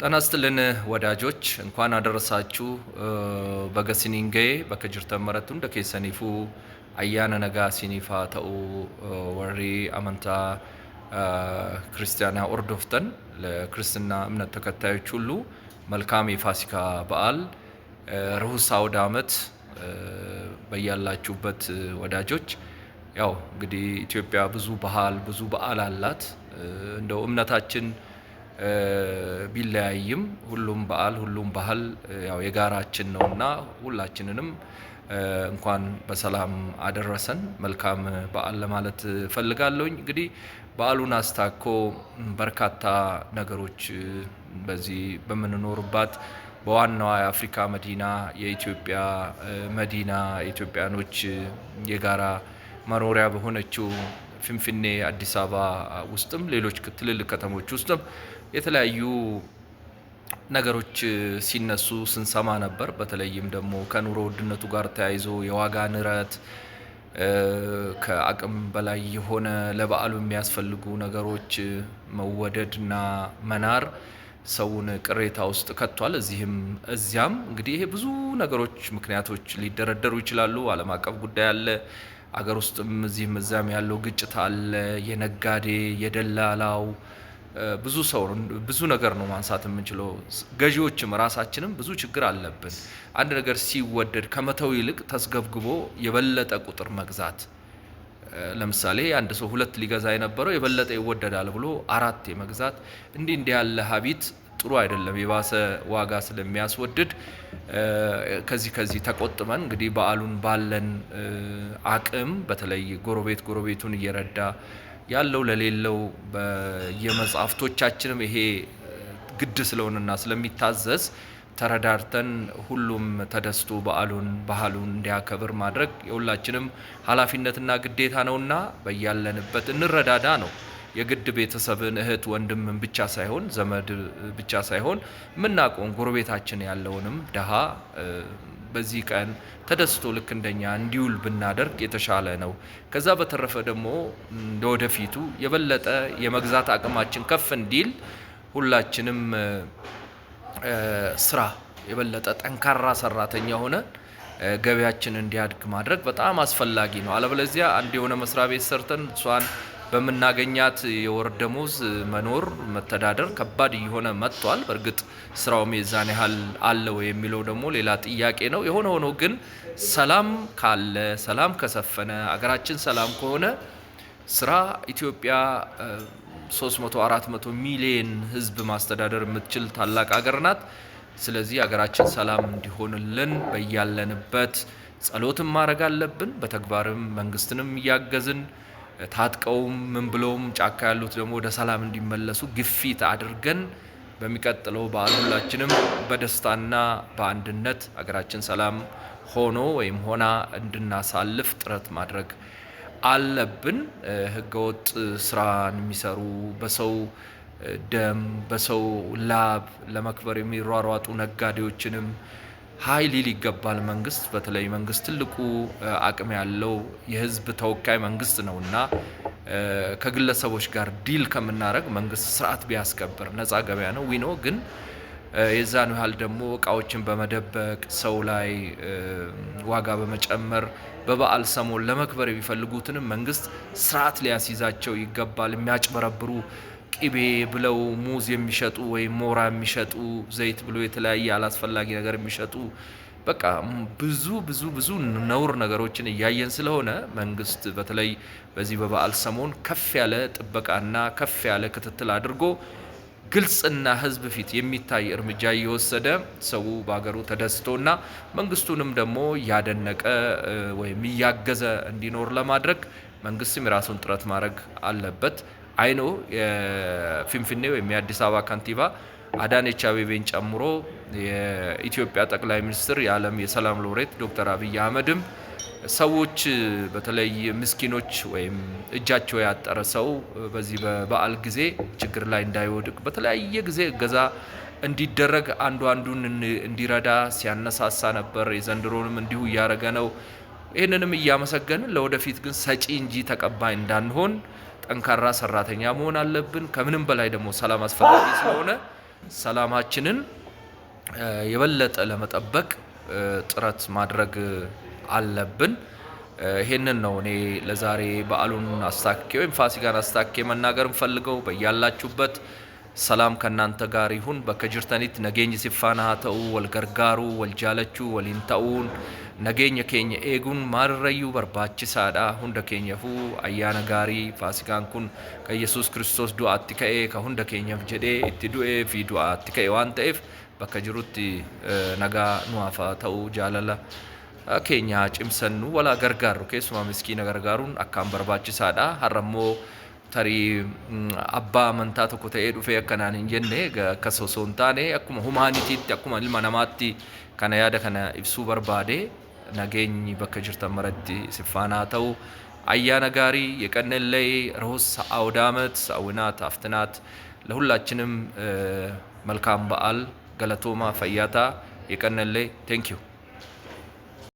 ጤና ይስጥልን ወዳጆች፣ እንኳን አደረሳችሁ። በገሲኒንጌ በከጅርተ እንደ ደኬሰኒፉ አያነ ነጋ ሲኒፋ ተኡ ወሪ አመንታ ክርስቲያና ኦርዶፍተን ለክርስትና እምነት ተከታዮች ሁሉ መልካም የፋሲካ በዓል ርሁስ አውደ ዓመት በያላችሁበት ወዳጆች። ያው እንግዲህ ኢትዮጵያ ብዙ ባህል ብዙ በዓል አላት። እንደው እምነታችን ቢለያይም ሁሉም በዓል ሁሉም ባህል ያው የጋራችን ነውና ሁላችንንም እንኳን በሰላም አደረሰን መልካም በዓል ለማለት ፈልጋለሁ እንግዲህ በዓሉን አስታኮ በርካታ ነገሮች በዚህ በምንኖርባት በዋናዋ የአፍሪካ መዲና የኢትዮጵያ መዲና ኢትዮጵያኖች የጋራ መኖሪያ በሆነችው ፊንፊኔ፣ አዲስ አበባ ውስጥም ሌሎች ትልልቅ ከተሞች ውስጥም የተለያዩ ነገሮች ሲነሱ ስንሰማ ነበር። በተለይም ደግሞ ከኑሮ ውድነቱ ጋር ተያይዞ የዋጋ ንረት፣ ከአቅም በላይ የሆነ ለበዓሉ የሚያስፈልጉ ነገሮች መወደድና መናር ሰውን ቅሬታ ውስጥ ከቷል። እዚህም እዚያም እንግዲህ ይሄ ብዙ ነገሮች ምክንያቶች ሊደረደሩ ይችላሉ። ዓለም አቀፍ ጉዳይ አለ። አገር ውስጥም እዚህም እዚያም ያለው ግጭት አለ። የነጋዴ የደላላው ብዙ ሰው ብዙ ነገር ነው ማንሳት የምንችለው። ገዢዎችም ራሳችንም ብዙ ችግር አለብን። አንድ ነገር ሲወደድ ከመተው ይልቅ ተስገብግቦ የበለጠ ቁጥር መግዛት። ለምሳሌ አንድ ሰው ሁለት ሊገዛ የነበረው የበለጠ ይወደዳል ብሎ አራት የመግዛት እንዲህ እንዲህ ያለ ሀቢት ጥሩ አይደለም፣ የባሰ ዋጋ ስለሚያስወድድ ከዚህ ከዚህ ተቆጥበን እንግዲህ በዓሉን ባለን አቅም በተለይ ጎረቤት ጎረቤቱን እየረዳ ያለው ለሌለው በየመጽሐፍቶቻችንም ይሄ ግድ ስለሆነና ስለሚታዘዝ ተረዳርተን ሁሉም ተደስቶ በዓሉን ባህሉን እንዲያከብር ማድረግ የሁላችንም ኃላፊነትና ግዴታ ነውና በያለንበት እንረዳዳ ነው። የግድ ቤተሰብን እህት ወንድምን ብቻ ሳይሆን ዘመድ ብቻ ሳይሆን የምናውቀውን ጎረቤታችን ያለውንም ድሃ በዚህ ቀን ተደስቶ ልክ እንደኛ እንዲውል ብናደርግ የተሻለ ነው። ከዛ በተረፈ ደግሞ ለወደፊቱ የበለጠ የመግዛት አቅማችን ከፍ እንዲል ሁላችንም ስራ የበለጠ ጠንካራ ሰራተኛ ሆነ ገበያችን እንዲያድግ ማድረግ በጣም አስፈላጊ ነው። አለበለዚያ አንድ የሆነ መስሪያ ቤት ሰርተን እሷን በምናገኛት የወር ደሞዝ መኖር መተዳደር ከባድ እየሆነ መጥቷል። በእርግጥ ስራውም የዛን ያህል አለው የሚለው ደግሞ ሌላ ጥያቄ ነው። የሆነ ሆኖ ግን ሰላም ካለ ሰላም ከሰፈነ አገራችን ሰላም ከሆነ ስራ ኢትዮጵያ 300 400 ሚሊየን ህዝብ ማስተዳደር የምትችል ታላቅ ሀገር ናት። ስለዚህ ሀገራችን ሰላም እንዲሆንልን በያለንበት ጸሎትም ማድረግ አለብን። በተግባርም መንግስትንም እያገዝን ታጥቀውም ምን ብለውም ጫካ ያሉት ደግሞ ወደ ሰላም እንዲመለሱ ግፊት አድርገን በሚቀጥለው በዓል ሁላችንም በደስታና በአንድነት ሀገራችን ሰላም ሆኖ ወይም ሆና እንድናሳልፍ ጥረት ማድረግ አለብን። ህገወጥ ስራን የሚሰሩ በሰው ደም በሰው ላብ ለመክበር የሚሯሯጡ ነጋዴዎችንም ሀይል ሊል ይገባል። መንግስት በተለይ መንግስት ትልቁ አቅም ያለው የህዝብ ተወካይ መንግስት ነው እና ከግለሰቦች ጋር ዲል ከምናደረግ መንግስት ስርዓት ቢያስከብር ነፃ ገበያ ነው ዊኖ ግን የዛን ያህል ደግሞ እቃዎችን በመደበቅ ሰው ላይ ዋጋ በመጨመር በበዓል ሰሞን ለመክበር የሚፈልጉትንም መንግስት ስርዓት ሊያስይዛቸው ይገባል። የሚያጭበረብሩ ቅቤ ብለው ሙዝ የሚሸጡ ወይም ሞራ የሚሸጡ ዘይት ብሎ የተለያየ አላስፈላጊ ነገር የሚሸጡ በቃ ብዙ ብዙ ብዙ ነውር ነገሮችን እያየን ስለሆነ መንግስት በተለይ በዚህ በበዓል ሰሞን ከፍ ያለ ጥበቃና ከፍ ያለ ክትትል አድርጎ ግልጽና ህዝብ ፊት የሚታይ እርምጃ እየወሰደ ሰው በሀገሩ ተደስቶና መንግስቱንም ደግሞ እያደነቀ ወይም እያገዘ እንዲኖር ለማድረግ መንግስትም የራሱን ጥረት ማድረግ አለበት። አይኖ የፊንፊኔ ወይም የአዲስ አበባ ከንቲባ አዳነች አቤቤን ጨምሮ የኢትዮጵያ ጠቅላይ ሚኒስትር የዓለም የሰላም ሎሬት ዶክተር አብይ አህመድም ሰዎች በተለይ ምስኪኖች ወይም እጃቸው ያጠረ ሰው በዚህ በበዓል ጊዜ ችግር ላይ እንዳይወድቅ በተለያየ ጊዜ እገዛ እንዲደረግ አንዱ አንዱን እንዲረዳ ሲያነሳሳ ነበር። የዘንድሮንም እንዲሁ እያደረገ ነው። ይህንንም እያመሰገንን ለወደፊት ግን ሰጪ እንጂ ተቀባይ እንዳንሆን ጠንካራ ሰራተኛ መሆን አለብን። ከምንም በላይ ደግሞ ሰላም አስፈላጊ ስለሆነ ሰላማችንን የበለጠ ለመጠበቅ ጥረት ማድረግ አለብን። ይሄንን ነው እኔ ለዛሬ በዓሉን አስታኬ ወይም ፋሲካን አስታኬ መናገር ፈልገው በያላችሁበት salaam ከእናንተ ጋር ይሁን። bakka jirtanitti nageenyi siffaan haa ta'uu wal gargaaruu wal jaalachuu waliin ta'uun nageenya keenya eeguun maalirrayyuu barbaachisaadha. Hunda keenyafuu ayyaana gaarii faasikaan kun kan yesus kiristoos du'aatti ka'ee ka hunda keenyaaf jedhee itti du'ee fi du'aatti ka'e waan ta'eef bakka jirutti nagaa nuwaaf haa ta'uu jaalala keenya cimsannu walaa gargaarru keessumaa miskiina gargaaruun akkaan barbaachisaadha. Har'a tarii abbaa amantaa tokko ta'ee dhufee akkanaan hin jenne akkas osoo hin taane akkuma humaanitiitti akkuma ilma namaatti kana yaada kana ibsuu barbaade nageenyi bakka jirtan maratti siffaanaa ta'u ayyaana gaarii የቀንን ላይ ሮስ አውደ ዓመት አውናት አፍትናት ለሁላችንም መልካም በዓል ገለቶማ ፈያታ የቀንን ላይ